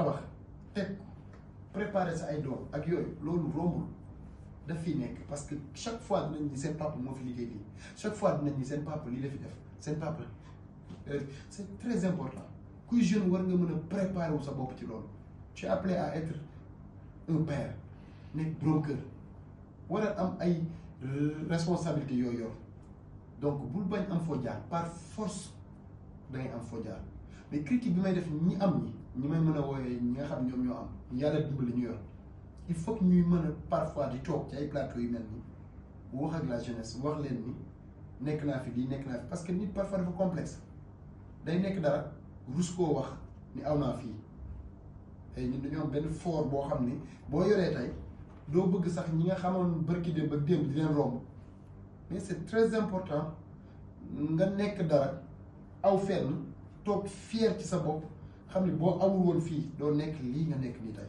tabax teg préparer sa ay doom ak yoy lolu rombul da fi nek parce que chaque fois dinañ ni seen papa moo fi liggéey lii chaque fois dinañ ni seen papa lii la fi def c'est papa euh, c'est très important kuy jeune war nga mën préparer wu sa bop ci lolu tu es appelé à être un père nekk broker, kër am ay euh, responsabilité yooyu yor donc bul bañ am fo jaar par force dangay am fo jaar mais critique bi may def ñi am ñi ñi may mën a wooyee ñi nga xam ñoom ñoo am yàlla dimbali ñu yor il faut que ñuy mën a parfois di toog ci ay plateau yu mel ni wax ak la jeunesse wax leen ni nekk naa fi lii nekk naa fi parce que nit parfois dafa complexe day nekk dara rus koo wax ni aw naa fii tey ñun dañoo am benn fort boo xam ni boo yoree tey doo bëgg sax ñi nga xamoon barki démb ak démb di leen romb mais c'est très important nga nekk dara aw fenn. toog fier ci sa bopp xam ni boo amul woon fii doo nekk lii nga nekk nii tey